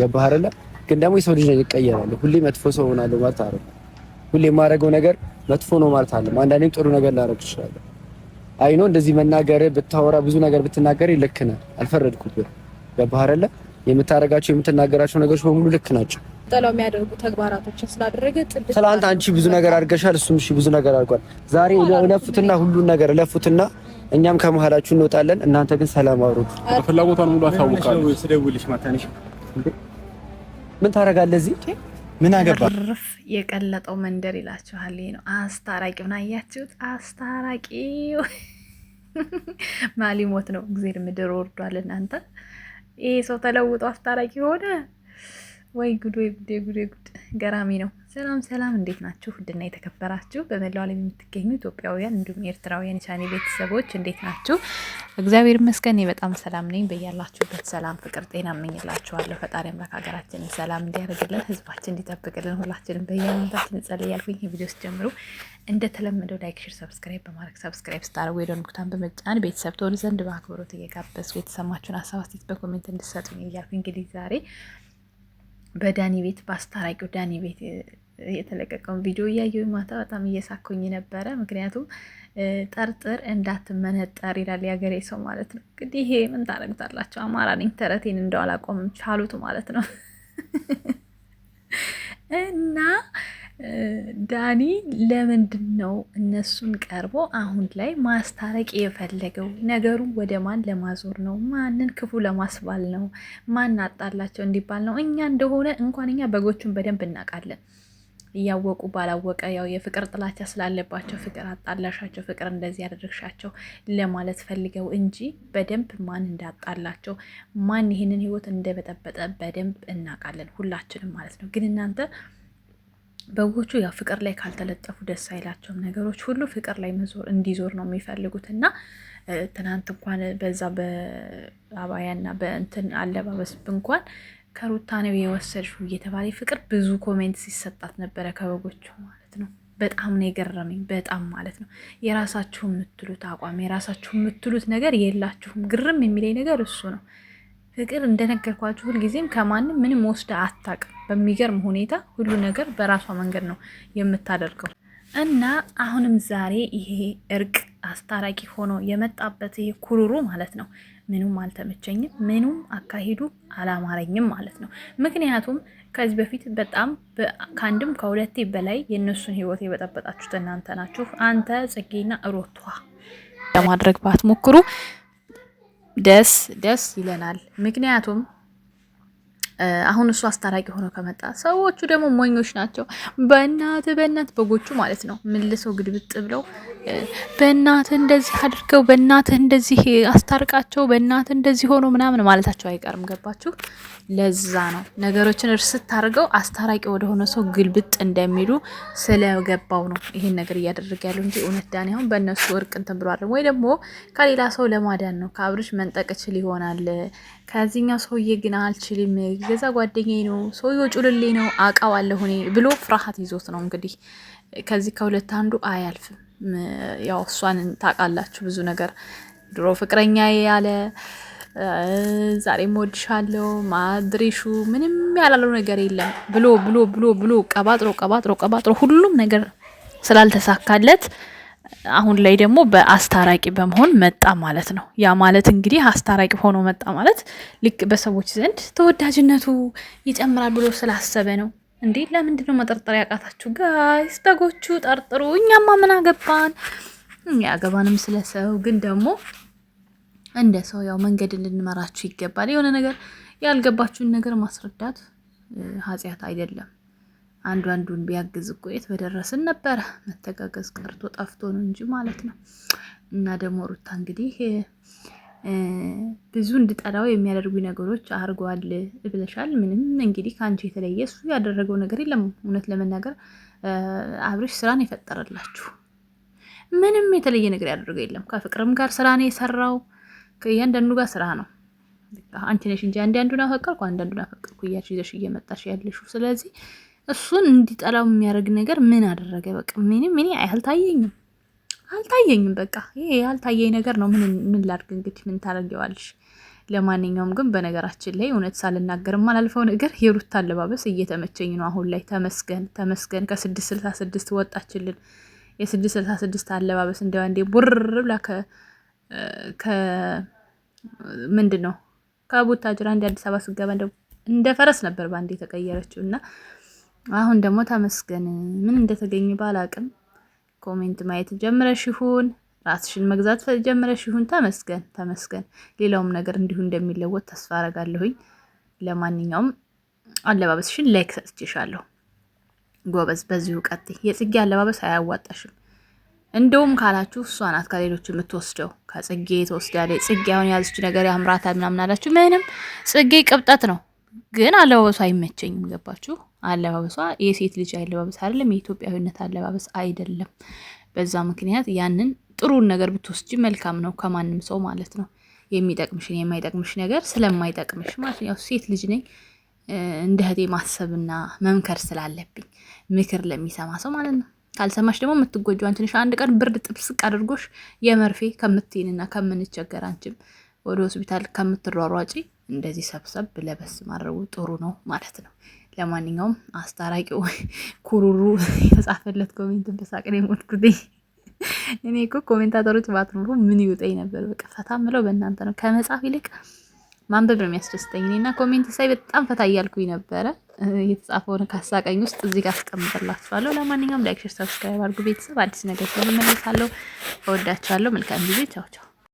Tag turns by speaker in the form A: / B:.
A: ገባህ አይደለ? ግን ደግሞ የሰው ልጅ ይቀየራል። ሁሌ መጥፎ ሰው ሆናለሁ ማለት አረ ሁሌ የማደርገው ነገር መጥፎ ነው ማለት አለ። አንዳንዴም ጥሩ ነገር ላደርግ እችላለሁ። አይ ነው እንደዚህ መናገር ብታወራ ብዙ ነገር ብትናገር ልክ ነህ፣ አልፈረድኩብህ። ገባህ አይደለ? የምታደርጋቸው የምትናገራቸው ነገሮች በሙሉ ልክ ናቸው።
B: ጥለው የሚያደርጉ ተግባራቶችን ስላደረገ
A: አንቺ ብዙ ነገር አድርገሻል፣ እሱም እሺ ብዙ ነገር አድርጓል። ዛሬ ለፉትና ሁሉን ነገር ለፉትና እኛም ከመሀላችሁ እንወጣለን። እናንተ ግን ሰላም አውሩት።
C: ፍላጎቷን ሙሉ አሳውቃለሁ።
D: ስደውልሽ ማታ ነሽ
A: ምን ታደርጋለህ እዚህ? ምን አገባ
E: ርፍ የቀለጠው መንደር ይላችኋል። ይሄ ነው አስታራቂ። ምን አያችሁት? አስታራቂ ማሊሞት ነው። እግዜር ምድር ወርዷል። እናንተ ይሄ ሰው ተለውጦ አስታራቂ ሆነ። ወይ ጉድ ወይ ጉድ ጉድ ጉድ ገራሚ ነው። ሰላም ሰላም፣ እንዴት ናችሁ? ውድና የተከበራችሁ በመላው ዓለም የምትገኙ ኢትዮጵያውያን እንዲሁም ኤርትራውያን የቻኔ ቤተሰቦች እንዴት ናችሁ? እግዚአብሔር ይመስገን በጣም ሰላም ነኝ። በያላችሁበት ሰላም፣ ፍቅር፣ ጤና እመኝላችኋለሁ። ፈጣሪ አምላክ ሀገራችንን ሰላም እንዲያደርግልን፣ ህዝባችን እንዲጠብቅልን ሁላችንም በየአመታችን እንጸልያልኩኝ። ቪዲዮ ስጀምሩ እንደተለመደው ላይክ፣ ሼር፣ ሰብስክራይብ በማድረግ ሰብስክራይብ ስታደርጉ የደወል ምልክቱን በመጫን ቤተሰብ ትሆኑ ዘንድ በአክብሮት እየጋበዝኩ የተሰማችሁን ሀሳብ አስተያየት በኮሜንት እንድሰጡኝ እያልኩ እንግዲህ ዛሬ በዳኒ ቤት በአስታራቂው ዳኒ ቤት የተለቀቀውን ቪዲዮ እያየሁ ማታ በጣም እየሳኩኝ ነበረ። ምክንያቱም ጠርጥር እንዳትመነጠር ይላል የሀገሬ ሰው ማለት ነው። እንግዲህ ይሄ ምን ታረግታላቸው? አማራ ነኝ ተረቴን እንደው አላቆምም ቻሉት ማለት ነው እና ዳኒ ለምንድን ነው እነሱን ቀርቦ አሁን ላይ ማስታረቅ የፈለገው? ነገሩን ወደ ማን ለማዞር ነው? ማንን ክፉ ለማስባል ነው? ማን አጣላቸው እንዲባል ነው? እኛ እንደሆነ እንኳን እኛ በጎቹን በደንብ እናውቃለን። እያወቁ ባላወቀ ያው የፍቅር ጥላቻ ስላለባቸው ፍቅር አጣላሻቸው፣ ፍቅር እንደዚህ ያደረግሻቸው ለማለት ፈልገው እንጂ በደንብ ማን እንዳጣላቸው ማን ይህንን ህይወት እንደበጠበጠ በደንብ እናውቃለን ሁላችንም ማለት ነው። ግን እናንተ በጎቹ ያው ፍቅር ላይ ካልተለጠፉ ደስ አይላቸውም። ነገሮች ሁሉ ፍቅር ላይ መዞር እንዲዞር ነው የሚፈልጉት እና ትናንት እንኳን በዛ በአባያና በእንትን አለባበስ እንኳን ከሩታ ነው የወሰድሽው እየተባለ ፍቅር ብዙ ኮሜንት ሲሰጣት ነበረ ከበጎቹ ማለት ነው። በጣም ነው የገረመኝ። በጣም ማለት ነው የራሳችሁ የምትሉት አቋም የራሳችሁ የምትሉት ነገር የላችሁም። ግርም የሚለኝ ነገር እሱ ነው። ፍቅር እንደነገርኳችሁ ሁልጊዜም ከማንም ምንም ወስደ አታቅ። በሚገርም ሁኔታ ሁሉ ነገር በራሷ መንገድ ነው የምታደርገው እና አሁንም ዛሬ ይሄ እርቅ አስታራቂ ሆኖ የመጣበት ይሄ ኩሩሩ ማለት ነው። ምኑም አልተመቸኝም፣ ምኑም አካሄዱ አላማረኝም ማለት ነው። ምክንያቱም ከዚህ በፊት በጣም ከአንድም ከሁለቴ በላይ የእነሱን ህይወት የበጠበጣችሁት እናንተ ናችሁ። አንተ ጽጌና ሮቷ ለማድረግ ባትሞክሩ ደስ ደስ ይለናል። ምክንያቱም አሁን እሱ አስታራቂ ሆኖ ከመጣ ሰዎቹ ደግሞ ሞኞች ናቸው። በእናት በእናት በጎቹ ማለት ነው ምልሰው ግድብጥ ብለው በእናት እንደዚህ አድርገው በእናት እንደዚህ አስታርቃቸው በእናት እንደዚህ ሆኖ ምናምን ማለታቸው አይቀርም። ገባችሁ? ለዛ ነው ነገሮችን እርስ ስታደርገው አስታራቂ ወደሆነ ሰው ግልብጥ እንደሚሉ ስለገባው ነው ይሄን ነገር እያደረገ ያለው እንጂ እውነት ዳን አሁን በእነሱ እርቅ እንትን ብሏል ወይ ደግሞ ከሌላ ሰው ለማዳን ነው ከአብርሽ መንጠቅ ችል ይሆናል ከዚህኛው ሰውዬ ግን አልችልም፣ የገዛ ጓደኛዬ ነው፣ ሰውዬው ጩልሌ ነው፣ አውቀዋለሁ እኔ ብሎ ፍርሃት ይዞት ነው እንግዲህ። ከዚህ ከሁለት አንዱ አያልፍም። ያው እሷን ታውቃላችሁ፣ ብዙ ነገር ድሮ ፍቅረኛ ያለ ዛሬ ወድሻለሁ ማድሬሹ ምንም ያላለው ነገር የለም ብሎ ብሎ ብሎ ብሎ ቀባጥሮ ቀባጥሮ ቀባጥሮ ሁሉም ነገር ስላልተሳካለት አሁን ላይ ደግሞ በአስታራቂ በመሆን መጣ ማለት ነው። ያ ማለት እንግዲህ አስታራቂ ሆኖ መጣ ማለት ልክ በሰዎች ዘንድ ተወዳጅነቱ ይጨምራል ብሎ ስላሰበ ነው። እንዴ ለምንድን ነው መጠርጠር ያቃታችሁ ጋይስ? በጎቹ ጠርጥሩ፣ እኛማ ምን አገባን? ያገባንም ስለ ሰው ግን ደግሞ እንደ ሰው ያው መንገድ ልንመራችሁ ይገባል። የሆነ ነገር ያልገባችሁን ነገር ማስረዳት ኃጢአት አይደለም። አንዱ አንዱን ቢያግዝ እኮ የት በደረስን ነበረ። መተጋገዝ ቀርቶ ጠፍቶ ነው እንጂ ማለት ነው። እና ደግሞ ሩታ እንግዲህ ብዙ እንድጠላው የሚያደርጉ ነገሮች አድርገዋል ብለሻል። ምንም እንግዲህ ከአንቺ የተለየ እሱ ያደረገው ነገር የለም። እውነት ለመናገር አብርሽ ስራን የፈጠረላችሁ ምንም የተለየ ነገር ያደረገው የለም። ከፍቅርም ጋር ስራ ነው የሰራው። ከእያንዳንዱ ጋር ስራ ነው። አንቺ ነሽ እንጂ አንዳንዱን አፈቀርኩ አንዳንዱን አፈቀርኩ እያልሽ ይዘሽ እየመጣሽ ያለሽው ስለዚህ እሱን እንዲጠላው የሚያደርግ ነገር ምን አደረገ? በቃ ምንም አልታየኝም አልታየኝም። በቃ ይሄ ያልታየኝ ነገር ነው። ምን ላድርግ እንግዲህ ምን ታደርጊዋለሽ? ለማንኛውም ግን በነገራችን ላይ እውነት ሳልናገርም አላልፈው ነገር የሩታ አለባበስ እየተመቸኝ ነው አሁን ላይ። ተመስገን ተመስገን። ከስድስት ስልሳ ስድስት ወጣችልን። የስድስት ስልሳ ስድስት አለባበስ እንደ አንዴ ቡር ብላ ከምንድን ነው ከቡታ ጅራ እንደ አዲስ አበባ ስገባ እንደ ፈረስ ነበር በአንዴ የተቀየረችው እና አሁን ደግሞ ተመስገን። ምን እንደተገኘ ባላቅም ኮሜንት ማየት ጀምረሽ ይሁን ራስሽን መግዛት ጀምረሽ ይሁን ተመስገን ተመስገን። ሌላውም ነገር እንዲሁ እንደሚለወጥ ተስፋ አረጋለሁኝ። ለማንኛውም አለባበስሽን ላይክ ሰጥቼሻለሁ። ጎበዝ፣ በዚሁ ቀጥይ። የጽጌ አለባበስ አያዋጣሽም። እንደውም ካላችሁ እሷ ናት ከሌሎች የምትወስደው ከጽጌ ትወስዳለች። ጽጌ አሁን የያዝች ነገር ያምራታል ምናምን አላችሁ። ምንም ጽጌ ቅብጠት ነው፣ ግን አለባበሱ አይመቸኝም። ገባችሁ? አለባበሷ የሴት ልጅ አለባበስ አይደለም፣ የኢትዮጵያዊነት አለባበስ አይደለም። በዛ ምክንያት ያንን ጥሩን ነገር ብትወስጂ መልካም ነው፣ ከማንም ሰው ማለት ነው። የሚጠቅምሽን የማይጠቅምሽ ነገር ስለማይጠቅምሽ ማለት ነው። ያው ሴት ልጅ ነኝ እንደ እህቴ ማሰብና መምከር ስላለብኝ ምክር ለሚሰማ ሰው ማለት ነው። ካልሰማሽ ደግሞ የምትጎጁ አንችንሽ አንድ ቀን ብርድ ጥብስቅ አድርጎሽ የመርፌ ከምትይንና ከምንቸገር አንችም ወደ ሆስፒታል ከምትሯሯጪ እንደዚህ ሰብሰብ ለበስ ማድረጉ ጥሩ ነው ማለት ነው። ለማንኛውም አስታራቂው ኩሩሩ የተጻፈለት ኮሜንት በሳቅን የሞትኩት እኔ እኮ ኮሜንታተሮች ባትኖሩ ምን ይውጠኝ ነበር። በቃ ፈታ ምለው በእናንተ ነው። ከመጻፍ ይልቅ ማንበብ ነው የሚያስደስተኝ። እና ኮሜንት ሳይ በጣም ፈታ እያልኩኝ ነበረ። የተጻፈውን ካሳቀኝ ውስጥ እዚህ ጋር አስቀምጠላችኋለሁ። ለማንኛውም ላይክ፣ ሼር፣ ሰብስክራይብ አድርጉ ቤተሰብ። አዲስ ነገር ስለምመለሳለሁ። እወዳችኋለሁ። መልካም ጊዜ። ቻው ቻው።